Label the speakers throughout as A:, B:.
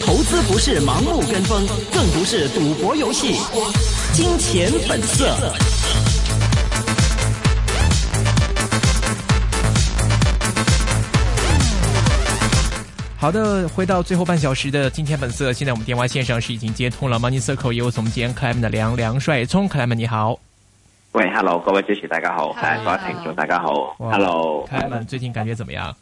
A: 投資不是盲目跟風，更不是賭博遊戲。金錢本色。好的，回到最後半小時的金錢本色。現在我們電話線上是已經接通了。Money Circle 業務總監 Clement 的梁梁帥聰，c l Clement 你好。
B: 喂，Hello，各位主持大家好，各位聽眾大家好，Hello，Clement
A: 最近感覺怎麼樣？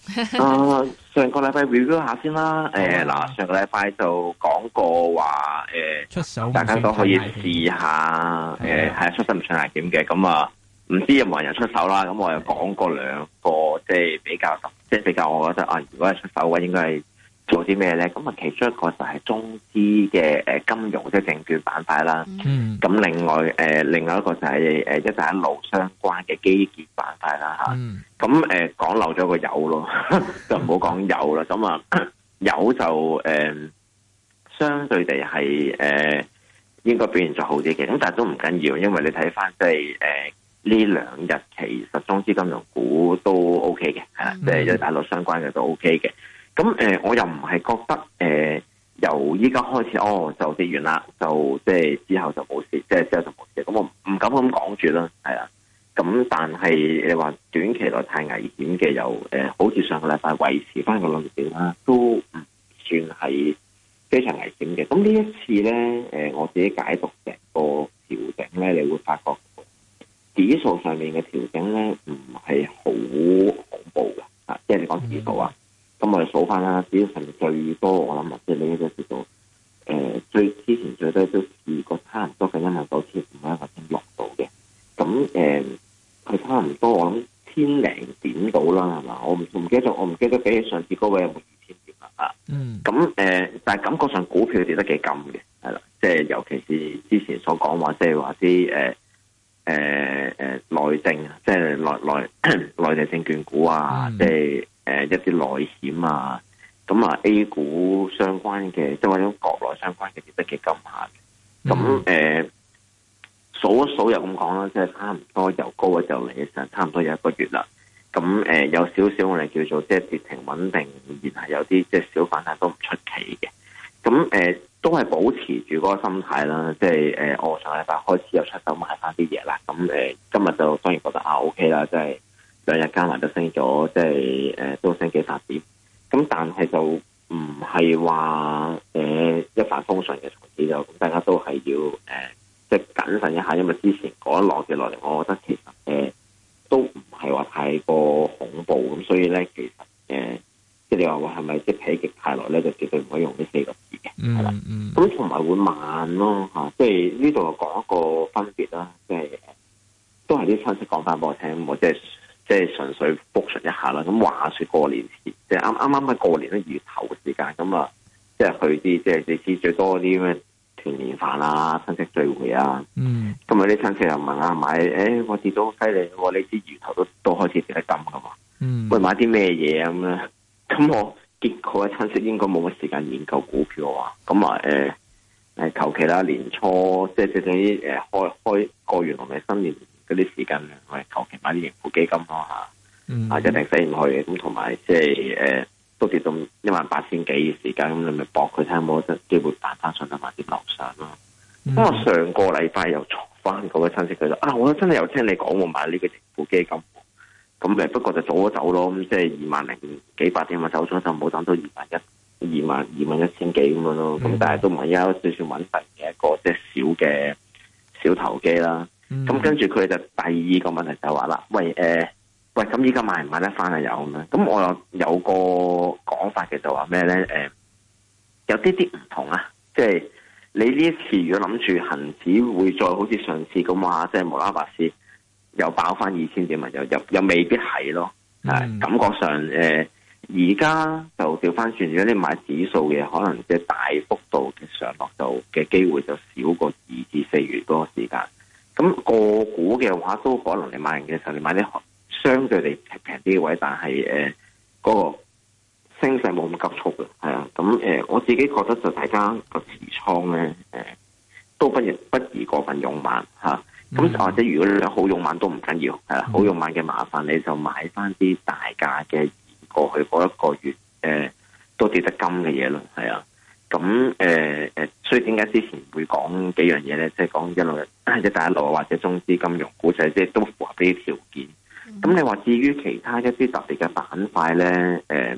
A: 啊、 呃，上個禮拜 review 下先啦。誒，嗱，
B: 上個禮拜就講過話，誒、呃，
A: 出手，大家都可以試下。
B: 誒，係出手唔上危險嘅，咁、呃、啊，唔、嗯、知有冇人出手啦。咁我又講過兩個，即、就、係、是、比較，即、就、係、是、比較，我覺得啊、呃，如果係出手嘅話應該係。做啲咩咧？咁啊，其中一個就係中資嘅誒金融即係、就係、證券板塊啦。咁另外誒，hmm. 另外一個就係誒一帶一路相關嘅基建板塊啦嚇。咁誒、mm hmm. 嗯、講漏咗個有咯，就唔好講有啦。咁、嗯、啊、嗯嗯、有就誒、呃，相對地係誒、呃、應該表現咗好啲嘅。咁但係都唔緊要，因為你睇翻即係誒呢兩日其實中資金融股都 OK 嘅嚇，即係一帶一路相關嘅都 OK 嘅。Hmm. 嗯嗯咁誒、呃，我又唔係覺得誒、呃，由依家開始哦，就跌完啦，就即係之後就冇事，即係之後就冇事。咁我唔敢咁講住啦，係啊。咁但係你話短期內太危險嘅，又誒、呃，好似上個禮拜維持翻個論點啦，都唔算係非常危險嘅。咁呢一次咧，誒、呃，我自己解讀成個調整咧，你會發覺指數上面嘅調整咧，唔係好恐怖噶，啊，即係你講指數啊。嗯咁我哋數翻啦，只要成最多我諗啊，即係你嘅叫做誒最之前最多都二個差唔多，因為股市唔係一個升落度嘅。咁誒佢差唔多，我諗千零點到啦，係嘛？我唔唔記得咗，我唔記得比起上次高位有冇二千點啊？嗯。咁、呃、誒，但係感覺上股票跌得幾禁嘅，係啦，即係尤其是之前所講話，即係話啲誒誒誒內證，即、就、係、是、內內內地證券股啊，即係、嗯。就是誒、呃，一啲內險啊，咁啊 A 股相關嘅，即係嗰種國內相關嘅跌得幾急下，咁誒數一數又咁講啦，即係差唔多由高嘅就嚟，成差唔多有一個月啦。咁、嗯、誒、嗯、有少少我哋叫做即係跌停穩定，然係有啲即係小反彈都唔出奇嘅。咁、嗯、誒、嗯、都係保持住嗰個心態啦，即係誒我上個禮拜開始又出手買翻啲嘢啦，咁、嗯、誒、嗯、今日就當然覺得啊 OK 啦，即係。兩日加埋都升咗，即係誒、呃、都升幾百點。咁但係就唔係話誒一帆風順嘅財資就大家都係要誒、呃、即係謹慎一下，因為之前嗰一浪嘅落嚟，我覺得其實誒、呃、都唔係話太過恐怖咁。所以咧，其實誒、呃、即係你話我係咪即起睇極太耐咧，就絕對唔可以用呢四個字嘅，係
C: 啦。
B: 咁同埋會慢咯，嚇、啊。即係呢度講一個分別啦，即係都係啲親戚講翻俾我聽，我即、就、係、是。即係純粹補充一下啦。咁話說過年前，即係啱啱啱啱過年嘅年頭時間咁啊，即係去啲即係你知最多啲咩團年飯啊，親戚聚會啊。
C: 嗯，
B: 今日啲親戚又問啊買，誒、欸、我跌到犀利喎，你啲年頭都都開始跌得金噶嘛。嗯，喂買啲咩嘢咁咧？咁我的確啊，親戚應該冇乜時間研究股票啊。咁啊誒誒，求其啦年初即係正正啲誒開開過完同埋新年，嗰啲時間，咪求其買啲盈富基金咯嚇，啊就定死唔去咁同埋即係誒都跌到一萬八千幾嘅時間，咁、嗯、你咪搏佢睇冇得機會反翻上得快啲落上咯。
C: 咁我
B: 上個禮拜又錯翻嗰個親戚，佢就啊、嗯、啊，我真係又聽你講我買呢個盈富基金，咁、啊、誒不過就早咗走咯，咁即係二萬零幾百點咪走咗，就冇等到二萬一、二萬二萬一千幾咁樣咯。咁但係都唔係一啲算穩陣嘅一個即係小嘅小投機啦。咁、嗯、跟住佢就第二個問題就話啦，喂誒、呃，喂咁依家買唔買得翻係有咁樣？咁我有有個講法嘅就話咩咧？誒、呃，有啲啲唔同啊，即係你呢一次如果諗住恆指會再好似上次咁話，即係無啦啦白事又爆翻二千點，又又又未必係咯。
C: 啊、嗯，感
B: 覺上誒，而、呃、家就掉翻轉，如果你買指數嘅，可能即係大幅度嘅上落度嘅機會就少過二至四月嗰個時間。咁個股嘅話都可能你買入嘅時候，你買啲相對嚟平啲嘅位，但係誒嗰個升勢冇咁急促嘅，係啊。咁、嗯、誒、呃、我自己覺得就大家個持倉咧誒、呃，都不宜不宜過分勇猛嚇。咁、啊、或者如果你想好勇猛都唔緊要，係啦，好勇猛嘅麻煩你就買翻啲大價嘅，過去嗰一個月誒、呃、都跌得金嘅嘢咯，係啊。咁誒誒，所以點解之前會講幾樣嘢咧？即係講一路一帶一路或者中資金融股債，即、就、係、是、都符合呢啲條件。咁、嗯、你話至於其他一啲特別嘅板塊咧？誒、呃，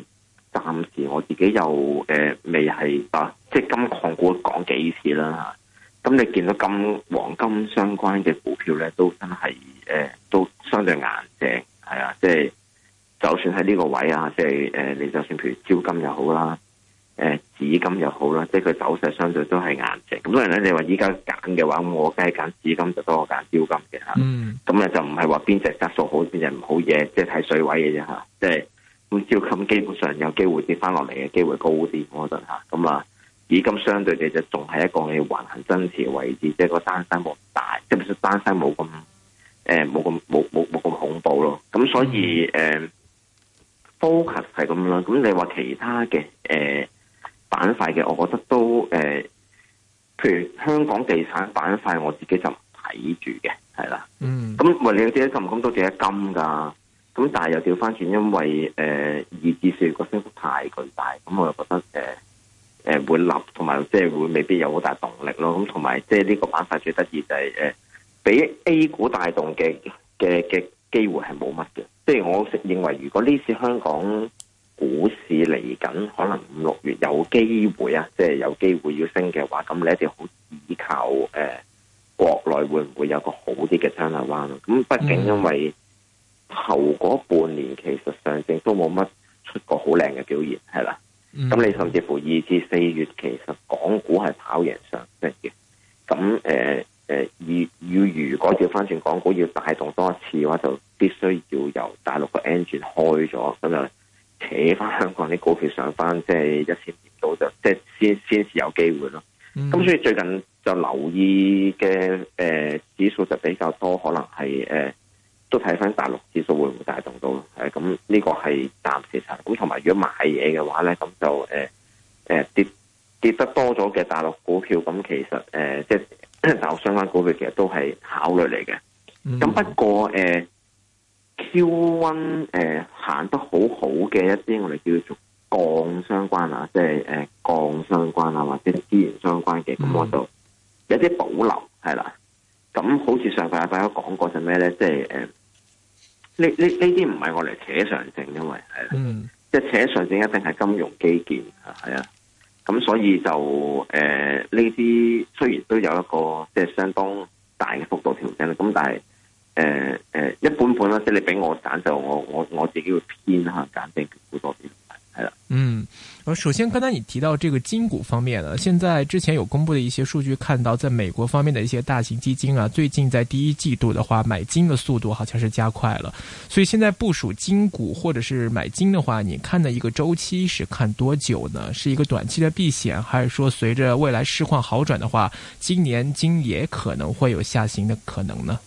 B: 暫時我自己又誒、呃、未係啊，即係金礦股講幾次啦。咁、啊嗯、你見到金黃金相關嘅股票咧，都真係誒、呃、都相對硬淨係啊！即、就、係、是、就算喺呢個位啊，即係誒你就算譬如招金又好啦。誒，紫金又好啦，即係佢走勢相對都係硬淨。咁當然咧，你話依家揀嘅話，我梗係揀紫金就多過揀招金嘅吓。咁、啊、咧、嗯、就唔係話邊隻質素好，邊隻唔好嘢、就是啊，即係睇水位嘅啫吓。即係咁招金基本上有機會跌翻落嚟嘅機會高啲，我覺得吓。咁啊，紫、嗯、金相對嚟就仲係一個你橫行增持嘅位置，即、就、係、是、個單身冇咁大，即、就、係、是、單身冇咁誒，冇咁冇冇冇咁恐怖咯。咁、啊、所以誒、呃、focus 係咁啦。咁、啊嗯、你話其他嘅誒？呃呃板塊嘅，我覺得都誒、呃，譬如香港地產板塊，我自己就睇住嘅，係啦。嗯。咁唔理跌咁多，跌得金㗎。咁但係又調翻轉，因為誒二至四月個升幅太巨大，咁我又覺得誒誒、呃、會立，同埋即係會未必有好大動力咯。咁同埋即係呢個板塊最得意就係、是、誒，俾、呃、A 股帶動嘅嘅嘅機會係冇乜嘅。即、就、係、是、我認為，如果呢次香港，股市嚟緊可能五六月有機會啊，即係有機會要升嘅話，咁你一定要好依靠誒、呃，國內會唔會有個好啲嘅穿頭彎咯？咁畢竟因為頭嗰、嗯、半年其實上證都冇乜出個好靚嘅表現，係啦。咁你甚至乎二至四月其實港股係跑贏上證嘅。咁誒誒，要要如果調翻轉港股要帶動多一次嘅話，就必須要由大陸個 engine 開咗，咁樣。企翻香港啲股票上翻，即係一千點度就即係先先至有機會咯。咁所以最近就留意嘅誒指數就比較多，可能係誒都睇翻大陸指數會唔會帶動到咯？誒咁呢個係暫時嘅咁。同埋如果買嘢嘅話咧，咁就誒誒跌跌得多咗嘅大陸股票，咁其實誒即係大陸相關股票其實都係考慮嚟嘅。咁不過誒，Q One 誒。行得好好嘅一啲，我哋叫做鋼相關啊，即係誒鋼相關啊，或者資源相關嘅咁，我就有啲保留係啦。咁好似上個禮拜都講過，就咩咧？呃嗯、即係誒，呢呢呢啲唔係我哋扯上證，因為係啦，即係扯上證一定係金融基建啊，係啊。咁所以就誒呢啲雖然都有一個即係相當大嘅幅度調整咁但係。誒誒，一本本啦，即係你俾我揀就我我我自己會偏下揀定好多
A: 啲係啦。嗯，我首先剛才你提到這個金股方面呢，現在之前有公布的一些數據，看到在美國方面的一些大型基金啊，最近在第一季度的話，買金的速度好像是加快了，所以現在部署金股或者是買金的話，你看的一個周期是看多久呢？是一個短期的避險，還是說隨着未來市況好轉的話，今年金也可能會有下行的可能呢？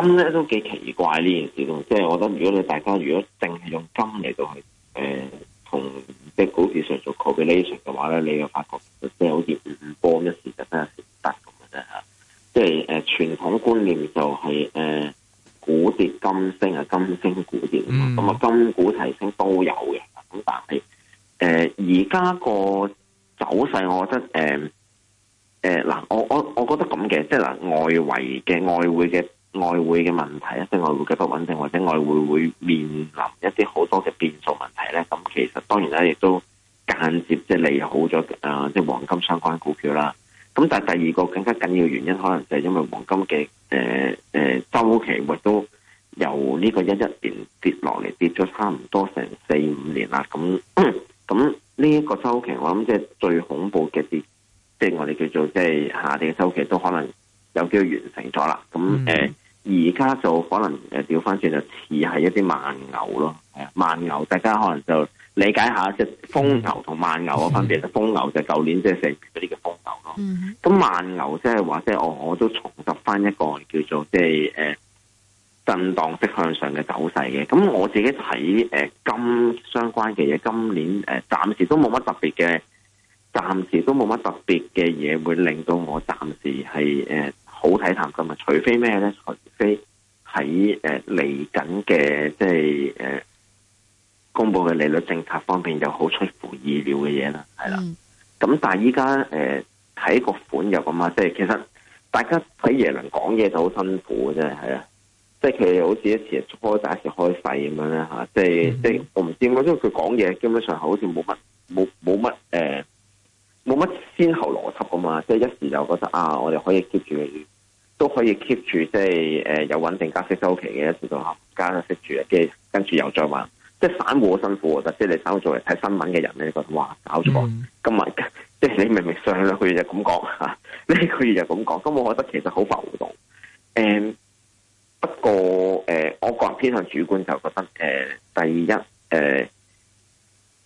B: 金咧都幾奇怪呢件事咯，即係我覺得如果你大家如果淨係用金嚟到去誒同、呃、即係股市上做 correlation 嘅話咧，你就發覺即係好似唔波一時就真係唔得咁嘅啫嚇。即係誒傳統觀念就係誒股跌金升啊，金升股跌，咁啊、mm. 金股提升都有嘅。咁但係誒而家個走勢、呃呃，我覺得誒誒嗱，我我我覺得咁嘅，即係嗱、呃，外圍嘅外匯嘅。外匯嘅問題，一定外匯嘅不穩定，或者外匯會面臨一啲好多嘅變數問題咧。咁其實當然咧，亦都間接即係利好咗啊，即係黃金相關股票啦。咁但係第二個更加緊要原因，可能就係因為黃金嘅誒誒週期，亦都由呢個一一年跌落嚟，跌咗差唔多成四五年啦。咁咁呢一個周期，我諗即係最恐怖嘅跌，即係我哋叫做即係下跌嘅周期，都可能有機會完成咗啦。咁誒。而家就可能誒調翻轉就似係一啲慢牛咯，慢的牛大家可能就理解下即係瘋牛同慢牛嘅分別。風牛就舊年即係四月嗰啲嘅風牛咯，咁慢的牛即係話即係我我都重拾翻一個叫做即係誒震盪式向上嘅走勢嘅。咁我自己睇誒金相關嘅嘢，今年誒暫時都冇乜特別嘅，暫時都冇乜特別嘅嘢會令到我暫時係誒。啊好睇淡咁啊！除非咩咧？除非喺誒嚟緊嘅即係誒、呃、公佈嘅利率政策方面有好出乎意料嘅嘢啦，係啦。咁、mm. 但係依家誒睇個款又咁啊！即係其實大家睇耶倫講嘢就好辛苦嘅，真係係啊！即係佢好似一時開大一時開細咁樣咧嚇，mm. 即係即係我唔知點解，因為佢講嘢基本上好似冇乜冇冇乜誒。冇乜先後邏輯噶嘛，即係一時就覺得啊，我哋可以 keep 住都可以 keep 住，即係誒、呃、有穩定加息周期嘅，一時就合加息住啊，跟跟住又再話，即係散戶辛苦啊，即係你稍戶做嚟睇新聞嘅人咧，你覺得哇搞錯，今日即係你明明上兩個月就咁講嚇，呢一個月就咁講，咁我覺得其實好浮動，誒、嗯、不過誒、呃，我個人偏向主觀就覺得誒、呃、第一誒。呃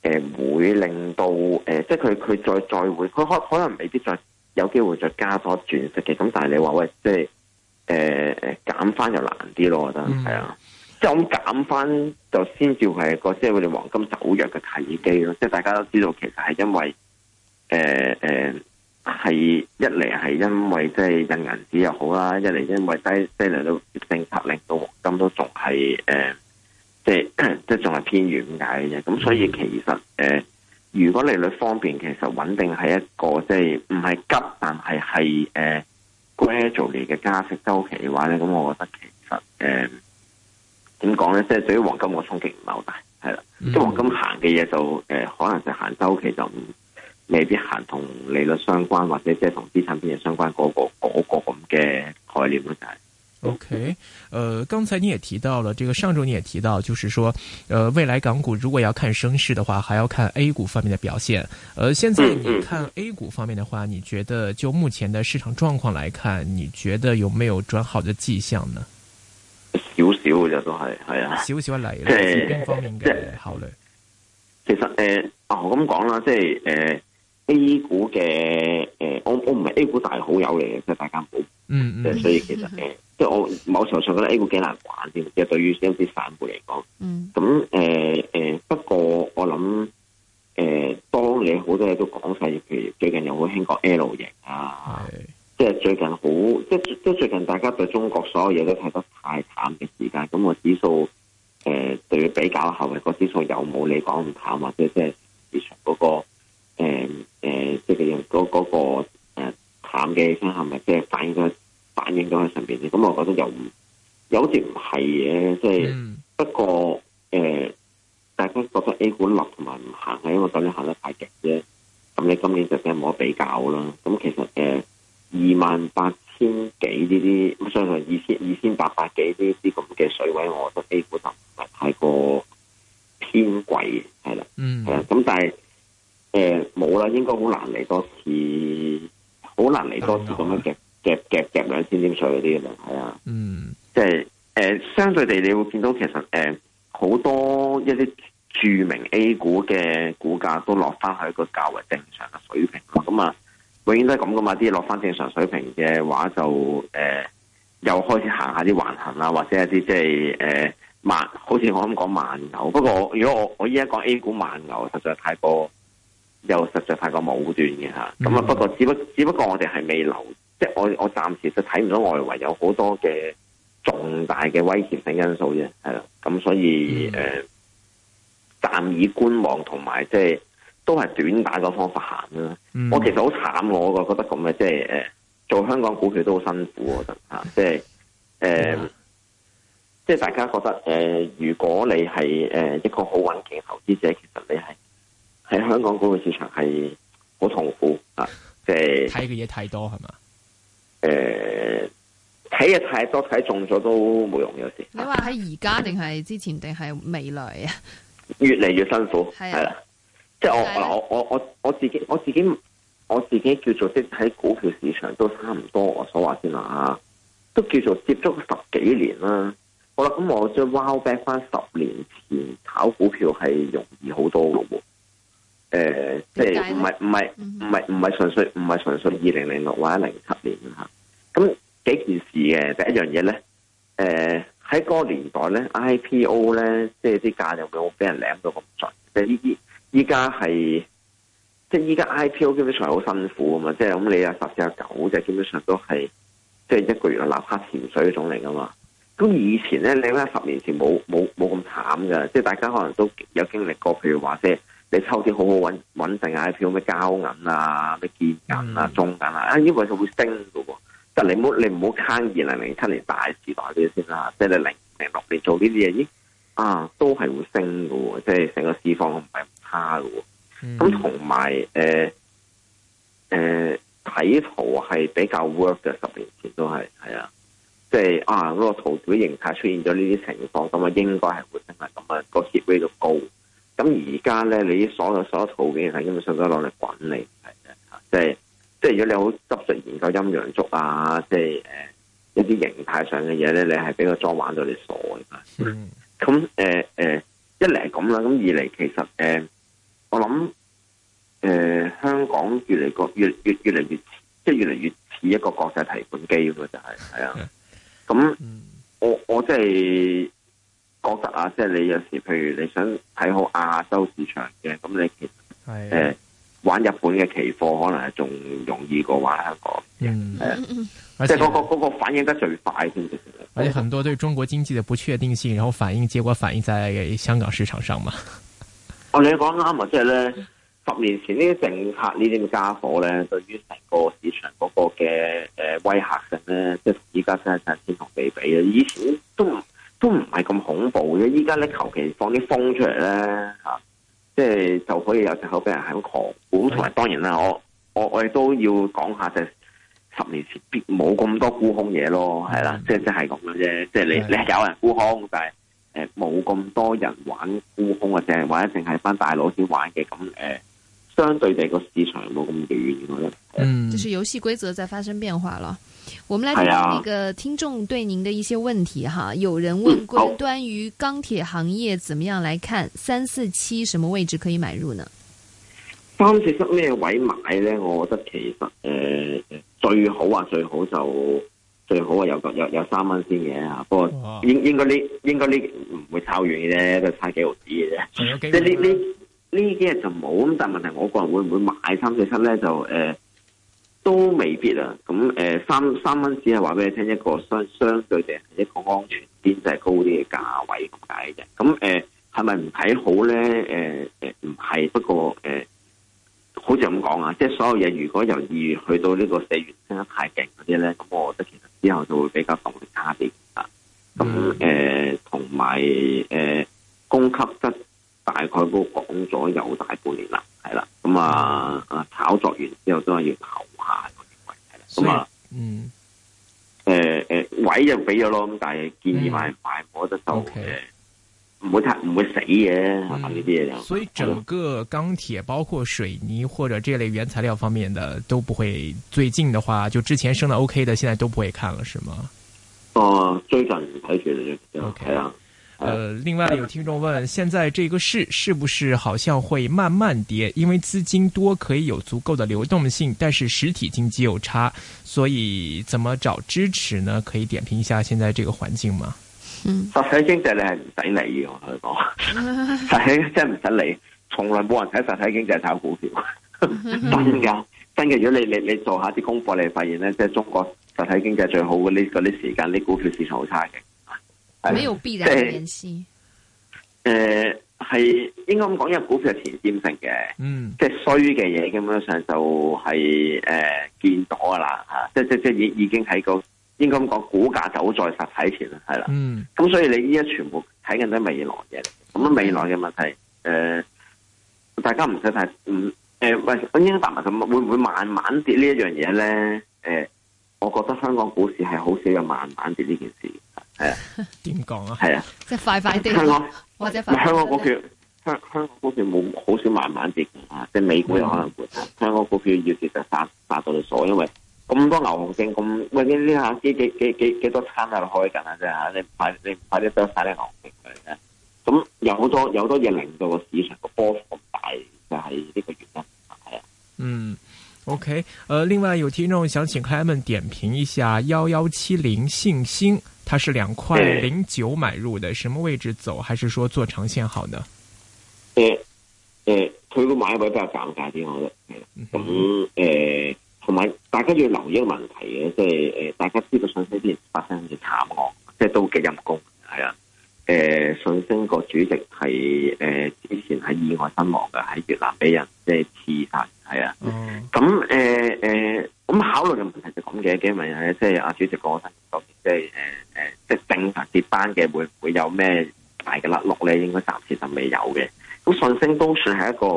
B: 誒，會令到誒、呃，即係佢佢再再會，佢可可能未必再有機會再加多轉息嘅，咁但係你話喂，即係誒誒減翻又難啲咯，我覺得係啊，即係我減翻就先至係個即係我哋黃金走弱嘅契機咯，即係大家都知道，其實係因為誒誒係一嚟係因為即係印銀紙又好啦，一嚟因為低利率政策令到黃金都仲係誒。呃即係仲係偏遠解嘅啫，咁所以其實誒、呃，如果利率方面其實穩定係一個即係唔係急，但係係誒 gradually 嘅加息周期嘅話咧，咁我覺得其實誒，點講咧，即係對於黃金嘅衝擊唔係好大，係啦，咁、mm hmm. 黃金行嘅嘢就誒、呃，可能就行周期就唔未必行同利率相關，或者即係同資產嘅相關嗰、個嗰、個咁嘅、那個、概念咯，就係、是。
A: OK，呃，剛才你也提到了，這個上周你也提到，就是說，呃，未來港股如果要看升勢的話，還要看 A 股方面的表現。而、呃、現在，嗯，你看 A 股方面的話，嗯、你覺得就目前的市場狀況來看，你覺得有沒有轉好的迹象呢？少少
B: 嘅都係，
A: 係啊，少少一嚟、嗯了呃，即係資金方面嘅
B: 考慮。其實誒，我咁講啦，即係誒，A 股嘅誒，我我唔係 A 股大好友嚟嘅，即係大家嗯。
C: 嗯嗯，所以
B: 其實誒。呃即係我某程度上覺得 A 股幾難玩，先，即係對於啲散戶嚟講。咁誒誒，不過我諗誒、呃，當你好多嘢都講晒，譬如最近又好興講 L 型啊，是即係最近好，即即最近大家對中國所有嘢都睇得太淡嘅時間。咁個指數誒、呃，對比較後嘅個指數有冇你講唔淡、啊，或者即係市場嗰、那個誒、呃、即係嗰嗰個、呃那個呃、淡嘅嘅，係咪即係反映咗？反映咗喺上邊咁我覺得又又好似唔係嘅，即、就、係、是嗯、不過誒、呃，大家覺得 A 股落同埋唔行係因為咁樣行得太勁啫，咁你今年就真係冇得比較啦。咁其實誒二萬八千幾呢啲，相信二千二千八百幾呢啲咁嘅水位，我覺得 A 股落唔係太過偏貴嘅，係啦，係啦、嗯。咁、嗯、但係誒冇啦，應該好難嚟多次，好難嚟多次咁樣嘅。嗯嗯嗯夾夾夾兩千點水嗰啲啊，係啊，嗯，即係誒，相對地你會見到其實誒，好、呃、多一啲著名 A 股嘅股價都落翻去一個較為正常嘅水平咯。咁啊，永遠都係咁噶嘛，啲落翻正常水平嘅話就誒、呃，又開始行下啲橫行啊，或者一啲即係誒慢，好似我咁講慢牛。不過如果我我依家講 A 股慢牛，實在太過又實在太過武斷嘅吓。咁啊，不過只不只不過我哋係未留。即係我我暫時就睇唔到外圍有好多嘅重大嘅危險性因素啫，係啦，咁所以誒暫、嗯呃、以觀望同埋即係都係短打個方法行啦、啊。嗯、我其實好慘、啊、我個覺得咁嘅，即係誒、呃、做香港股票都好辛苦，我覺得吓，即係誒、呃嗯、即係大家覺得誒、呃，如果你係誒一個好穩健投資者，其實你係喺香港股票市場係好痛苦啊，即係睇
A: 嘅嘢太多係嘛？誒，睇嘢、呃、太多，
B: 睇中咗都冇用，有時。你話喺而家定係之前定係未來啊？越嚟越辛苦係啦，即係我嗱是、啊，我我我我自己我自己我自己叫做即喺股票市場都差唔多。我所話先啦吓，都叫做接觸十幾年啦。好啦，咁我將 walk back 翻，十年前炒股票係容易好多嘅喎。誒，即係唔係唔係唔係唔係純粹唔係純粹二零零六或者零七年吓，咁、嗯、幾件事嘅第一樣嘢咧，誒喺嗰個年代咧 IPO 咧，即係啲價就會俾人領到咁盡，即係依依依家係，即係依家 IPO 基本上係好辛苦啊嘛，即係咁你啊十四十、隻九隻基本上都係，即係一個月啊立刻潛水嗰種嚟啊嘛，咁以前咧你咧十年前冇冇冇咁慘噶，即係大家可能都有經歷過，譬如話即、就是你抽啲好好穩穩定下票，咩交銀啊、咩建銀啊、中銀啊，啊因為佢會升嘅喎，但你冇你唔好貪二零零七年大時代啲先啦，即係你零零六年做呢啲嘢，咦啊都係會升嘅喎，即係成個市況唔係差嘅喎，咁同埋誒誒睇圖係比較 work 嘅，十年前都係係、即係、啊，即係啊嗰個圖表形態出現咗呢啲情況，咁啊應該係會升嘅，咁、那、啊個 hit rate 都高。咁而家咧，你所有所有途徑係基本上攞嚟滾你，係即係即係如果你好執著研究陰陽燭啊，即係誒、呃、一啲形態上嘅嘢咧，你係畀個裝玩到你傻嘅。咁誒誒，一嚟係咁啦，咁二嚟其實誒、呃，我諗誒、呃、香港越嚟個越越越嚟越即係越嚟越似一個國際提款機喎、就是，嗯、就係係啊。咁我我即係。覺得啊，即係你有時，譬如你想睇好亞洲市場嘅，咁你其
C: 實誒、
B: 啊呃、玩日本嘅期貨可能係仲容易過玩香
C: 港，
A: 嗯，呃、且即係嗰、
B: 嗰個、嗰個反應得最快先。
A: 而且很多對中國經濟嘅不確定性，然後反應結果反應喺香港市場上嘛。
B: 我哋講啱啊！即係咧，十年前呢啲政客呢啲家伙咧，對於成個市場嗰個嘅誒威嚇性咧，即係而家真係真係天同地比啊！以前都。都唔係咁恐怖嘅，依家咧，求其放啲風出嚟咧，吓、啊，即係就可以有隻口俾人喺度狂估，同埋當然啦，我我我哋都要講下就係、十年前必冇咁多沽空嘢咯，係啦的，即即係咁樣啫，即係的、就是、你你有人沽空，但係誒冇咁多人玩沽空嘅啫，或者淨係翻大佬先玩嘅，咁誒、呃、相對地個市場冇咁嘅原因，嗯、我覺得。嗯，
A: 就是遊戲規則在發生變化咯。我們來聽那個聽眾對您
B: 的一些問題哈，有人問關關於鋼鐵行業怎麼樣來看三
A: 四七什麼位置可以買入呢？
B: 三四七咩位買咧？我覺得其實誒最好啊最好就最好啊有個有有三蚊先嘅吓，不過應應該呢應該呢唔會炒完嘅，啫，都差幾毫子嘅啫。即呢呢呢幾日就冇咁，但問題我個人會唔會買三四七咧？就誒。都未必啊！咁、嗯、誒，三三蚊只係話俾你聽一個相相對嘅一個安全邊際高啲嘅價位咁解嘅。咁誒係咪唔睇好咧？誒誒唔係，不過誒、呃，好似咁講啊，即係所有嘢，如果由二月去到呢個四月升得太勁嗰啲咧，咁我覺得其實之後就會比較動力差啲啊。咁誒，同埋誒，供給質大概都講咗有大半年啦，係啦。咁啊啊，炒作完之後都係要跑咁啊，嗯，呃呃呃、位就俾咗咯，咁但係建議買、嗯、買我都受唔會塌唔會死嘅，嗯、所以整
A: 個鋼鐵吧包括水泥或者這類原材料方面的都不會，最近的話就之前升得 OK 的，現在都不會看了，是嗎？
B: 哦，最近睇住就 OK 啦。嗯 Okay. 啊
A: 呃，另外有聽眾問，現在這個市是不是好像會慢慢跌？因為資金多可以有足夠的流動性，但是實體經濟有差，所以怎麼找支持呢？可以點評一下現在這個環境嗎？嗯
B: 實，實體經濟你係唔使理嘅，我同你講，實體經濟真係唔使理，從來冇人睇實體經濟炒股票，真嘅，真嘅。如果你你你做下啲功課，你會發現咧，即係中國實體經濟最好嘅呢嗰啲時間，啲、這個、股票市場好差嘅。沒有必然聯繫。誒，係、就是呃、應該咁講，因為股票係前瞻性嘅，嗯，即係衰嘅嘢，基本上就係、是、誒、呃、見到噶啦，吓、啊，即係即即係已已經喺個，應該咁講，股價走在實體前係啦，嗯，咁所以你依家全部睇緊都係未來嘅，咁啊未來嘅問題，誒、嗯呃，大家唔使太，嗯，誒、呃，喂，溫英答埋咁會唔會慢慢跌呢一樣嘢咧？誒、呃，我覺得香港股市係好少有慢慢跌呢件事。係
A: 啊，點講啊？係啊、
B: 嗯，即係快快啲。香港或者香港股票，香香港股票冇好少慢慢跌啊。即係美股有可能跌，香港股票要跌就殺殺到你所，因為咁多牛熊證，咁喂呢啲吓幾幾幾幾幾多餐喺度開緊啊？即係吓你派你派啲多晒啲牛熊嘅嚟嘅。咁有好多有好多嘢令到個市場個波幅咁大，就係呢個原因係
A: 啊。嗯，OK，誒，另外有聽眾想請佢哋點評一下幺幺七零信星。它是兩塊零九買入的，欸、什麼位置走，還是說做長線好呢？誒
B: 誒、欸，佢、呃、個買位比較尷尬啲我覺得，咁、嗯、誒，同埋、嗯哼嗯欸、大家要留意一個問題嘅，即係誒，大家知道上水邊發生嘅慘案，即係都幾陰功。係啊。誒、呃，信星個主席係誒，之、呃、前喺意外身亡嘅，喺越南俾人即係刺殺，係啊。咁誒咧，咁、嗯呃呃、考慮嘅問題就咁嘅，因為誒即係阿主席過身、就是，即係誒誒，即、呃、係正常接班嘅會唔會有咩大嘅甩落咧？應該暫時就未有嘅。咁、嗯、信星都算係一個誒、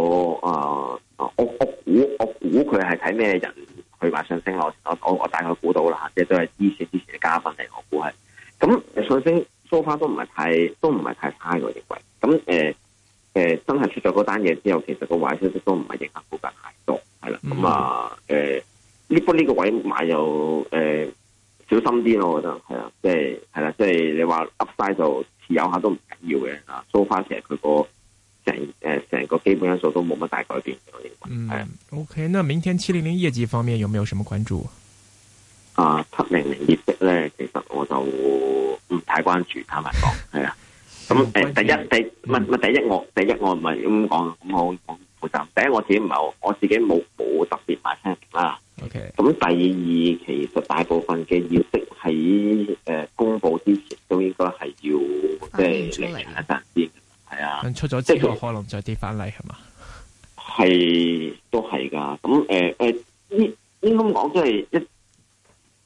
B: 呃，我我估我估佢係睇咩人去買信星啦。我我我大概估到啦，即係都係支持之前嘅嘉賓嚟，我估係咁信星，收花都唔係太，都唔係太差我認為。咁誒誒，真係出咗嗰單嘢之後，其實個壞消息都唔係影響股價太多，係啦。咁啊誒，呢不呢個位買又誒小心啲咯，我覺得係啊，即係係啦，即係你話 Upside 就持有下都唔緊要嘅啦。花其實佢個成誒成個基本因素都冇乜大改變我認為。
A: 嗯，OK，那明天七零零業績方面有冇有什麼關注？
B: 啊，七零零業績咧。關坦白講係啊，咁、嗯、誒，第一，第唔唔，第一我第一我唔係咁講，咁我我負責。第一我自己唔係我，我自己冇冇特別買聲啦。O K，咁第二，其實大部分嘅業績喺誒公布之前，都應該係要即係嚟緊一陣先。係啊，
A: 嗯嗯、出咗即係可能再跌翻嚟係嘛？
B: 係，都係噶。咁誒誒，呢呢應該講，即係一。